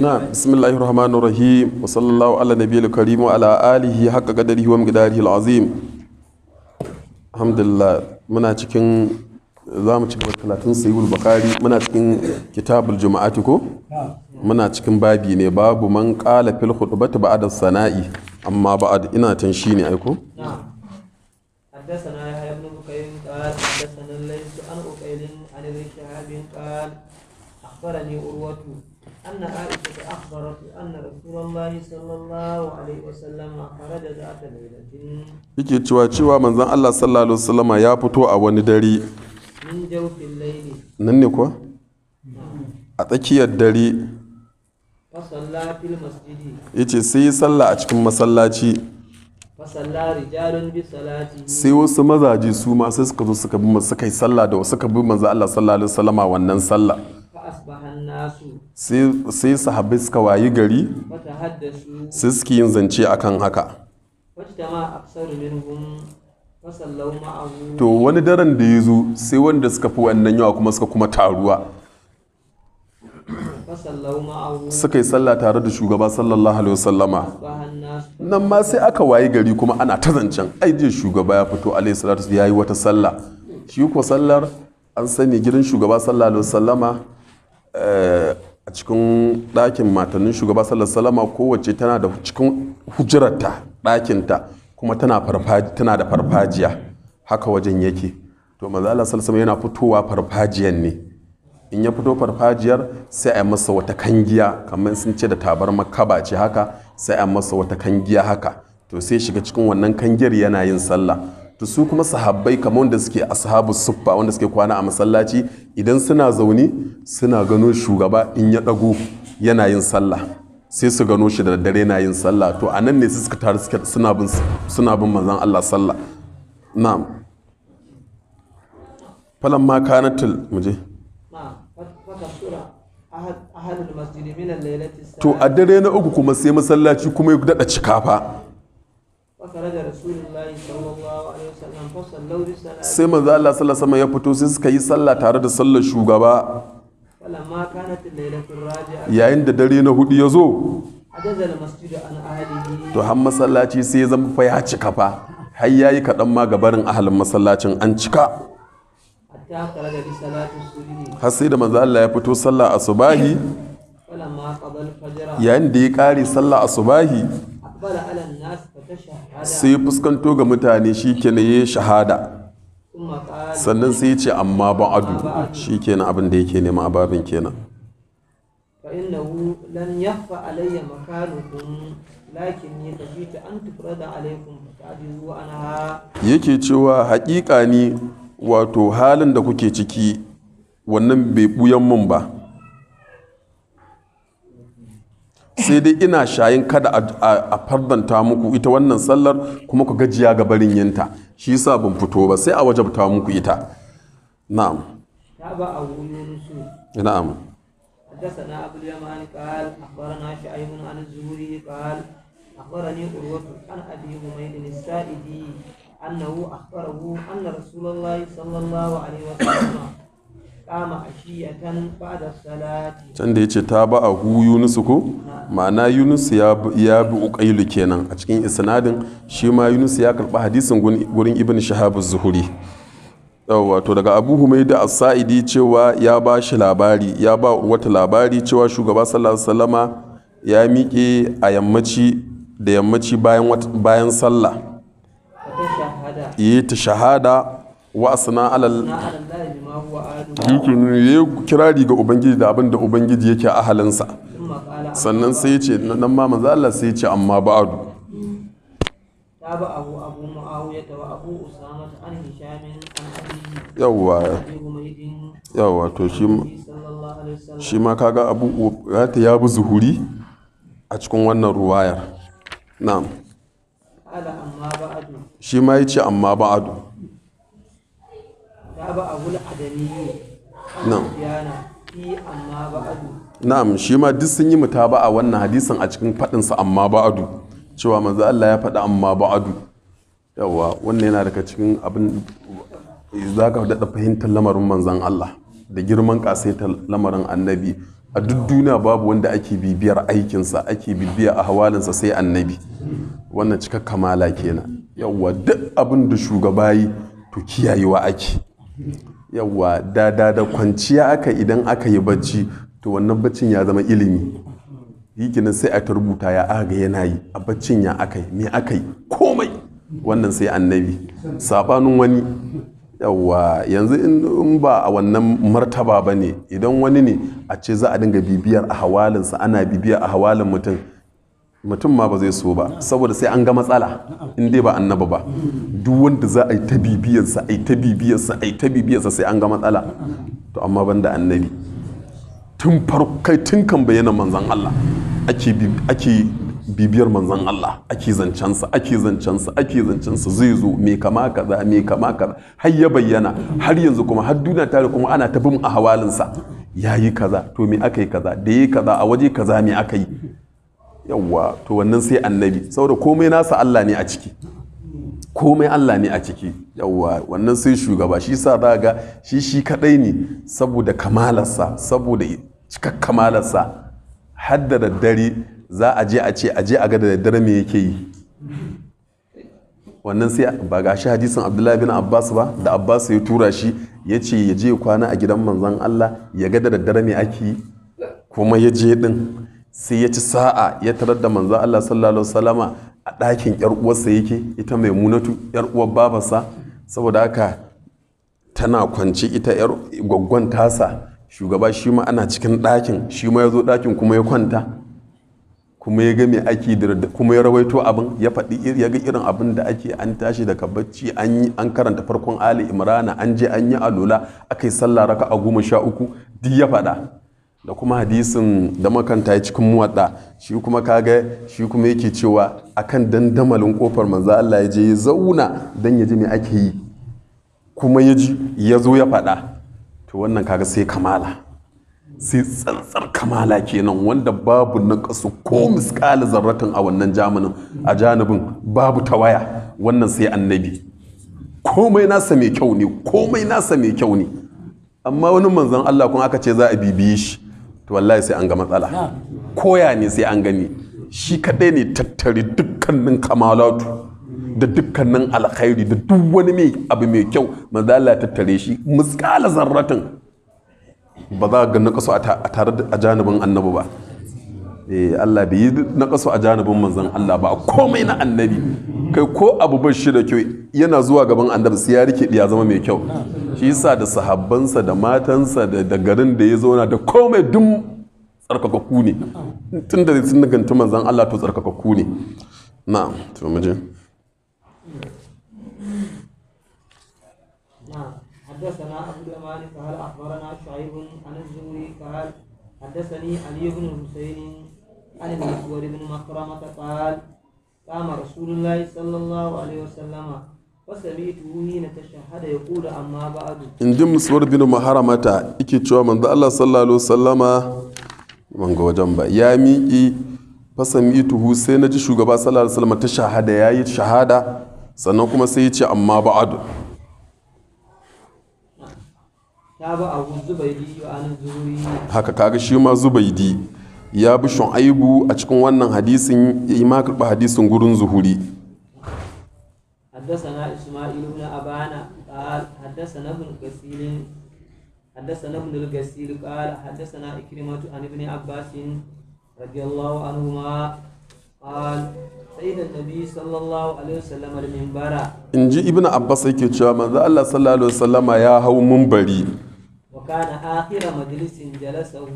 نعم بسم الله الرحمن الرحيم وصلى الله على النبي الكريم وعلى آله حق قدره ومقداره العظيم الحمد لله muna cikin za mu cikin talatin sayul bukari muna cikin kitabul juma'ati ko muna cikin babi ne babu man qala fil khutbati ba'da sana'i amma ba'd ina tan shi ne aiko حدثنا يحيى بن بكير قال حدثنا الليث عن أقيل عن ابن شهاب قال أخبرني أروة أن عائشة أخبرت أن رسول الله صلى الله عليه وسلم خرج ذات ليلة cewa cewa من Allah الله صلى الله ya fito a wani dare من nan ne kuwa a tsakiyar dare fa salla fil masjidi sai sallah a cikin masallaci salla sai wasu mazaji su ma sai suka zo suka bi suka sallah da suka bi Allah sallallahu alaihi wasallam wannan sallah sai sahabbai suka wayi gari sai suke yin zance akan haka to wani daren da ya zo sai wanda suka fi wannan yawa kuma suka kuma taruwa suka yi sallah tare da shugaba sallallahu alaihi wasallama nan ma sai aka wayi gari kuma ana ta zancen ai shugaba ya fito alaihi salatu ya yi wata sallah shi kuwa sallar an sani gidan shugaba sallallahu alaihi wasallama Eh, a cikin ɗakin matannin shugaba salama kowace tana da cikin hujirarta ɗakinta kuma tana da farfajiya haka wajen yake to mazala salsama yana fitowa farfajiyar ne in ya fito farfajiyar sai a masa wata kangiya kamar sun ce da tabar makaba ce haka sai a masa wata kangiya haka to sai shiga cikin wannan kangiyar yana yin sallah to su kuma sahabbai kamar wanda suke ashabu suffa wanda suke kwana a masallaci idan suna zaune suna gano shugaba in ya ɗago yana yin sallah sai su gano shi da dare na yin sallah to a nan ne su suka taru suna bin suna bin manzon Allah sallah na'am falan ma kanatul muje to a dare na uku kuma sai masallaci kuma ya cika cikafa sai manzo Allah sallallahu alaihi wasallam ya fito sai suka yi sallah tare da sallar shugaba yayin da dare na hudu ya zo to har masallaci sai ya zama fa ya cika fa har yayi kaɗan ma gabarin ahalin masallacin an cika har sai da manzo Allah ya fito sallah asubahi yayin da ya kare sallah asubahi sai fuskanto ga mutane shi na yi shahada sannan sai yi ce amma ba adu shi na abin da yake nema a babin kenan yake cewa haƙiƙa ne wato halin da kuke ciki wannan bai ɓuyan mun ba sai dai ina shayin kada a fardanta muku ita wannan sallar kuma ku gajiya ga barin yinta shi yasa ban fito ba sai a ta muku ita na'am na'am حدثنا أبو اليمان قال أخبرنا شعيب عن الزهري قال أخبرني عروة عن أبي حميد السائدي أنه أخبره أن رسول الله صلى الله عليه وسلم canda ya ce yace ta ba a hu yunusu ko ma'ana yunusu ya bi kenan a cikin isnadin shi ma yunusu ya karba hadisin gurin ibn shahabu zuhuri. wato daga abu humaida da saidi cewa ya ba shi labari ya ba wata labari cewa shugaba sallallahu salama ya miƙe a yammaci da yammaci bayan sallah yi ta shahada wa asna alal yake ya yi kirari ga ubangiji da abin da ubangiji yake a halinsa sannan sai ce nan ma manzo Allah sai ce amma ba'adu yawwa yawa to shi ma kaga abu ta ya bi zuhuri a cikin wannan ruwayar na'am shi ma ya ce amma ba'adu na'am shi ma duk sun yi mutaba a wannan hadisin a cikin fadinsa amma ba'adu cewa manzo Allah ya faɗi amma ba'adu yawa wannan yana daga cikin abin za ka daɗa fahimtar lamarin manzan Allah da girman ƙasaita lamarin annabi a duk duniya babu wanda ake bibiyar aikinsa ake bibiya a hawalinsa sai annabi wannan cika kamala kenan yawa duk abin da shugaba yi to kiyayewa ake yawa da da kwanciya aka idan aka yi bacci to wannan baccin ya zama ilimi yi sai a ta rubuta ya aga yana yi a baccin ya aka yi me aka yi komai wannan sai annabi sabanin wani yawa yanzu in ba a wannan martaba ba ne idan wani ne a ce za a dinga bibiyar a hawalinsa ana bibiyar a hawalin mutum mutum ma ba zai so ba saboda sai an ga matsala in dai ba annaba ba duk wanda za a yi ta bibiyarsa a yi ta bibiyarsa a yi ta bibiyarsa sai an ga matsala to amma ban da annabi tun farkai tun kan bayyana manzan Allah ake bibiyar manzan Allah ake zancensa ake zancensa ake zancensa zai zo me kama kaza me kama kaza har ya bayyana har yanzu kuma har duniya tare kuma ana ta bin a hawalinsa ya yi kaza to me aka yi kaza da ya yi kaza a waje kaza me aka yi yawwa to wannan sai annabi saboda komai nasa Allah ne a ciki komai Allah ne a ciki yawwa wannan sai shugaba shi sa za ga shi shi kadai ne saboda kamalarsa saboda cikak kamalarsa hadda da daddare za a je a ce a je a ga da daddare me yake yi wannan sai ba ga shi hadisin abdullahi bin abbas ba da abbas ya tura shi ya ce ya je kwana a gidan manzon allah ya ga da daddare me ake yi kuma ya je din sai ya ci sa'a ya tarar da manzo Allah sallallahu alaihi wasallama a ɗakin yar uwarsa yake ita mai munatu yar uwar babarsa saboda haka tana kwance ita yar gwaggon tasa shugaba shi ma ana cikin ɗakin shi ma ya zo ɗakin kuma ya kwanta kuma ya ga me ake kuma ya rawaito abin ya faɗi ya ga irin abin da ake an tashi daga bacci an karanta farkon ali imrana an je an yi alula aka yi sallah raka a goma sha uku duk ya faɗa da kuma hadisin da makanta cikin muwadda shi kuma kaga shi kuma yake cewa akan dandamalin kofar manzo Allah ya je ya zauna dan ya ji me ake yi kuma ya ji ya zo ya faɗa to wannan kaga sai kamala sai tsantsar kamala kenan wanda babu na kasu ko miskali zarratin a wannan jaminin a janibin babu ta waya, wannan sai annabi komai nasa mai kyau ne komai nasa mai kyau ne amma wani manzon Allah kun aka ce za a bibiye shi to wallahi sai an ga matsala koya ne sai an gani shi kadai ne tattari dukkanin kamalatu da dukkanin alkhairi da duk wani mai abu mai kyau manzo tattare shi musqala zarratin ba za ga nakasu a tare da janibin annabi ba eh Allah bai yi nakasu a janibin manzon Allah ba komai na annabi kai ko abu ba shi da kyau yana zuwa gaban annabi sai ya rike ya zama mai kyau shi da sahabbansa da matansa da garin da ya zauna da komai dun tsarkakakku ne tun da sun danganta manzan Allah to tsarkakakku ne na'am to mu حدثنا عبد قال شعيب عن الزهري قال حدثني علي بن حسين عن بن قال قام رسول الله صلى الله عليه وسلم in ji musuwar bin maharamata ike cewa manzo Allah sallallahu alaihi wasallama ban ga wajen ba ya miƙi fasami tuhu sai na ji shugaba sallallahu alaihi wasallama ta shahada ya yi shahada sannan kuma sai ya ce amma ba'adu haka kaga shi ma zubaidi ya bi shu'aibu a cikin wannan hadisin ya yi ma karɓi hadisin gurin zuhuri حدثنا إسماعيل بن أبانا قال حدثنا ابن كثير حدثنا ابن الكثير قال حدثنا إكرمة عن ابن عباس رضي الله عنهما قال سيد النبي صلى الله عليه وسلم المنبر إن جي ابن عباس yake cewa manzo Allah sallallahu alaihi wasallam ya hau minbari wa kana akhir majlisin jalasahu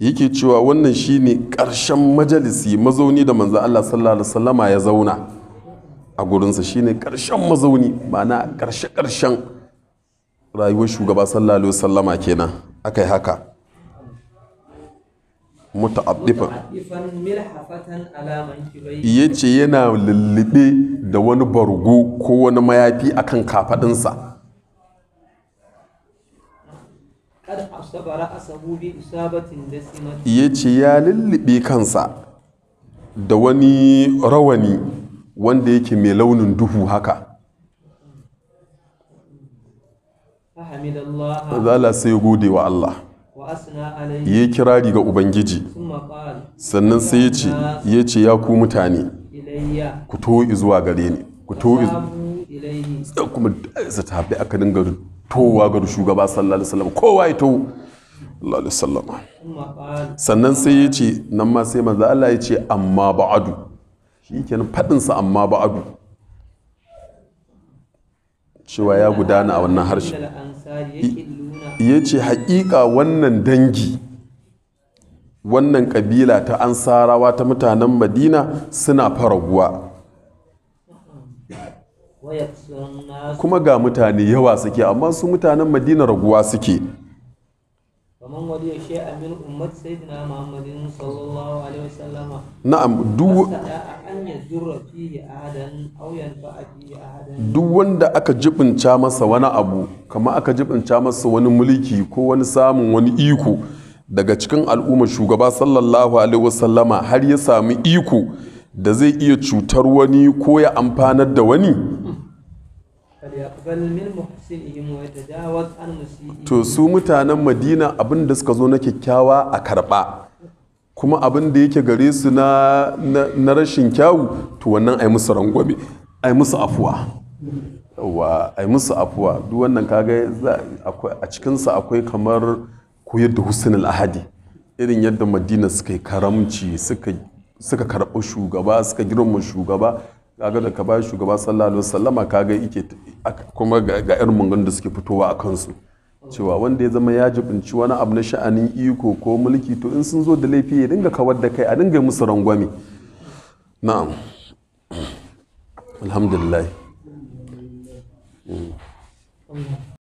yake cewa wannan shine ƙarshen majalisi mazauni da manzo Allah sallallahu alaihi wasallama ya zauna a gurinsa shine ƙarshen mazauni ma'ana ƙarshe-ƙarshen rayuwar shugaba sallallahu alaihi wasallama kenan aka yi haka muta'addifan ya ce yana lullube da wani bargo ko wani mayafi akan kafaɗinsa ya ce ya lullube kansa da wani rawani wanda yake mai launin duhu haka zala sai gode wa Allah ya yi kirari ga Ubangiji sannan sai ya ce ya ce ya ku mutane ku to zuwa gare ni ku to kuma su tafi aka dinga towa ga shugaba sallallahu alaihi wasallam kowa ya to sallallahu alaihi wasallam sannan sai ya ce nan ma sai manzo Allah ya ce amma ba'adu shi kenan faɗinsa amma ba'adu cewa ya gudana a wannan harshe ya ce haƙiƙa wannan dangi wannan ƙabila ta ansarawa ta mutanen madina suna faraguwa kuma ga mutane yawa suke amma su mutanen madina raguwa suke na'am duk duk wanda aka jibinta masa wani abu kama aka jibinta masa wani mulki ko wani samun wani iko daga cikin al'umma shugaba sallallahu alaihi wasallama har ya sami iko da zai iya cutar wani ko ya amfanar da wani to su mutanen madina abin da suka zo na kyakkyawa a karba kuma abin da yake gare su na, na, rashin kyawu to wannan ai musu rangwame ai musu afuwa wa ai musu afuwa duk wannan kaga a cikinsa akwai kamar koyar da husnul ahadi irin yadda madina suka yi karamci suka karɓi shugaba suka girma shugaba kaga da ka ba shugaba sallallahu alaihi wasallama kaga yake kuma ga irin mungan da suke fitowa a kansu cewa wanda ya zama ya jibinci wani abu na sha'anin iko ko mulki to in sun zo da laifi ya dinga kawar da kai a dinga musu rangwame na'am alhamdulillah mm.